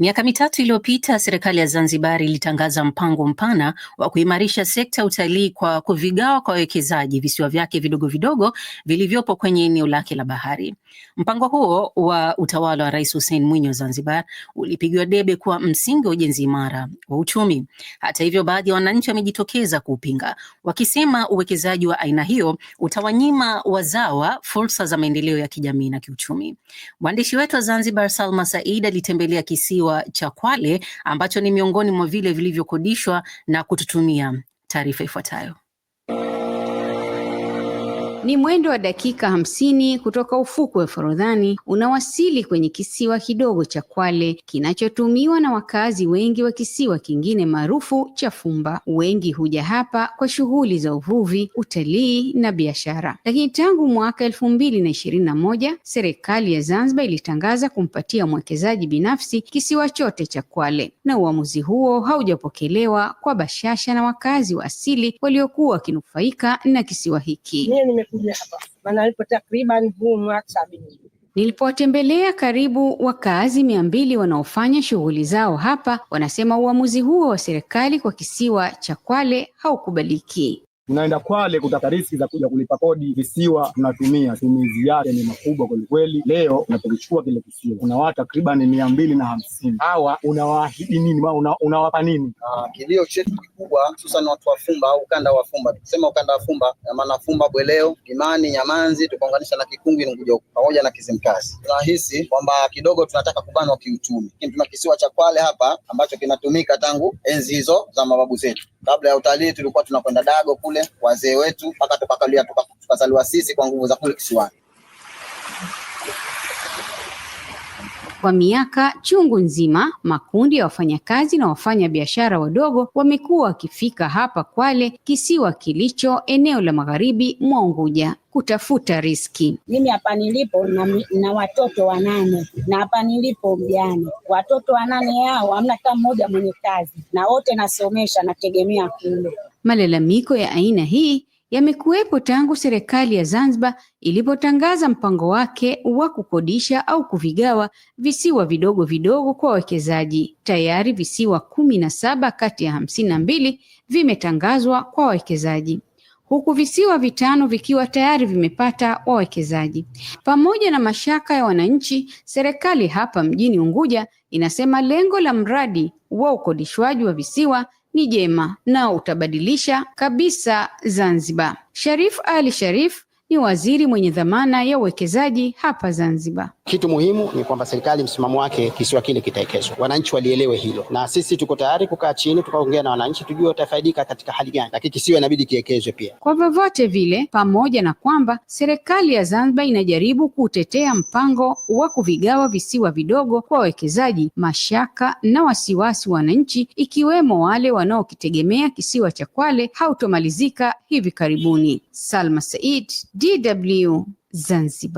Miaka mitatu iliyopita serikali ya Zanzibar ilitangaza mpango mpana wa kuimarisha sekta ya utalii kwa kuvigawa kwa wawekezaji visiwa vyake vidogo vidogo vilivyopo kwenye eneo lake la bahari. Mpango huo wa utawala wa Rais Hussein Mwinyi wa Zanzibar ulipigiwa debe kuwa msingi wa ujenzi imara wa uchumi. Hata hivyo, baadhi ya wananchi wamejitokeza kuupinga, wakisema uwekezaji wa aina hiyo utawanyima wazawa fursa za maendeleo ya kijamii na kiuchumi. Mwandishi wetu wa Zanzibar Salma Said alitembelea kisiwa kisiwa cha Kwale ambacho ni miongoni mwa vile vilivyokodishwa na kututumia taarifa ifuatayo. Ni mwendo wa dakika hamsini kutoka ufukwe wa Forodhani, unawasili kwenye kisiwa kidogo cha Kwale kinachotumiwa na wakazi wengi wa kisiwa kingine maarufu cha Fumba. Wengi huja hapa kwa shughuli za uvuvi, utalii na biashara, lakini tangu mwaka elfu mbili na ishirini na moja serikali ya Zanzibar ilitangaza kumpatia mwekezaji binafsi kisiwa chote cha Kwale, na uamuzi huo haujapokelewa kwa bashasha na wakazi wa asili waliokuwa wakinufaika na kisiwa hiki nimekuja hapa, maana alipo takriban huu mwaka sabini. Nilipowatembelea karibu wakazi mia mbili wanaofanya shughuli zao hapa, wanasema uamuzi huo wa serikali kwa kisiwa cha Kwale haukubaliki. Tunaenda Kwale kutaka riski za kuja kulipa kodi visiwa, tunatumia tumizi yake ni makubwa kwelikweli. Leo unapokichukua kile kisiwa kuna watu takriban mia mbili na hamsini. Hawa unawaahidi nini? Unawapa nini? Ah, kilio chetu kikubwa hususan watu wa Fumba au ukanda wa Fumba, tukisema ukanda wa Fumba maana Fumba, Bweleo, imani Nyamanzi tukaunganisha na Kikungi, Ngujoku pamoja na Kizimkazi, tunahisi kwamba kidogo tunataka kubanwa kiuchumi. Tuna kisiwa cha Kwale hapa ambacho kinatumika tangu enzi hizo za mababu zetu. Kabla ya utalii tulikuwa tunakwenda Dago kule wazee wetu mpaka tukazaliwa sisi kwa nguvu za kule kisiwani. Kwa miaka chungu nzima, makundi ya wafanyakazi na wafanyabiashara wadogo wamekuwa wakifika hapa Kwale, kisiwa kilicho eneo la magharibi mwa Unguja kutafuta riski. Mimi hapa nilipo na, na watoto wanane na hapa nilipo mjane, watoto wanane hao hamna hata mmoja mwenye kazi, na wote nasomesha, nategemea kule. Malalamiko ya aina hii yamekuwepo tangu serikali ya Zanzibar ilipotangaza mpango wake wa kukodisha au kuvigawa visiwa vidogo vidogo kwa wawekezaji. Tayari visiwa kumi na saba kati ya hamsini na mbili vimetangazwa kwa wawekezaji huku visiwa vitano vikiwa tayari vimepata wawekezaji. Pamoja na mashaka ya wananchi, serikali hapa mjini Unguja inasema lengo la mradi wa ukodishwaji wa visiwa ni jema nao utabadilisha kabisa Zanzibar. Sharif Ali Sharif ni waziri mwenye dhamana ya uwekezaji hapa Zanzibar. Kitu muhimu ni kwamba serikali msimamo wake kisiwa kile kitaekezwa, wananchi walielewe hilo, na sisi tuko tayari kukaa chini tukaongea na wananchi tujue watafaidika katika hali gani, lakini kisiwa inabidi kiekezwe pia. Kwa vyovyote vile, pamoja na kwamba serikali ya Zanzibar inajaribu kutetea mpango wa kuvigawa visiwa vidogo kwa wawekezaji, mashaka na wasiwasi wananchi, ikiwemo wale wanaokitegemea kisiwa cha Kwale hautomalizika hivi karibuni. Salma Said, DW, Zanzibar.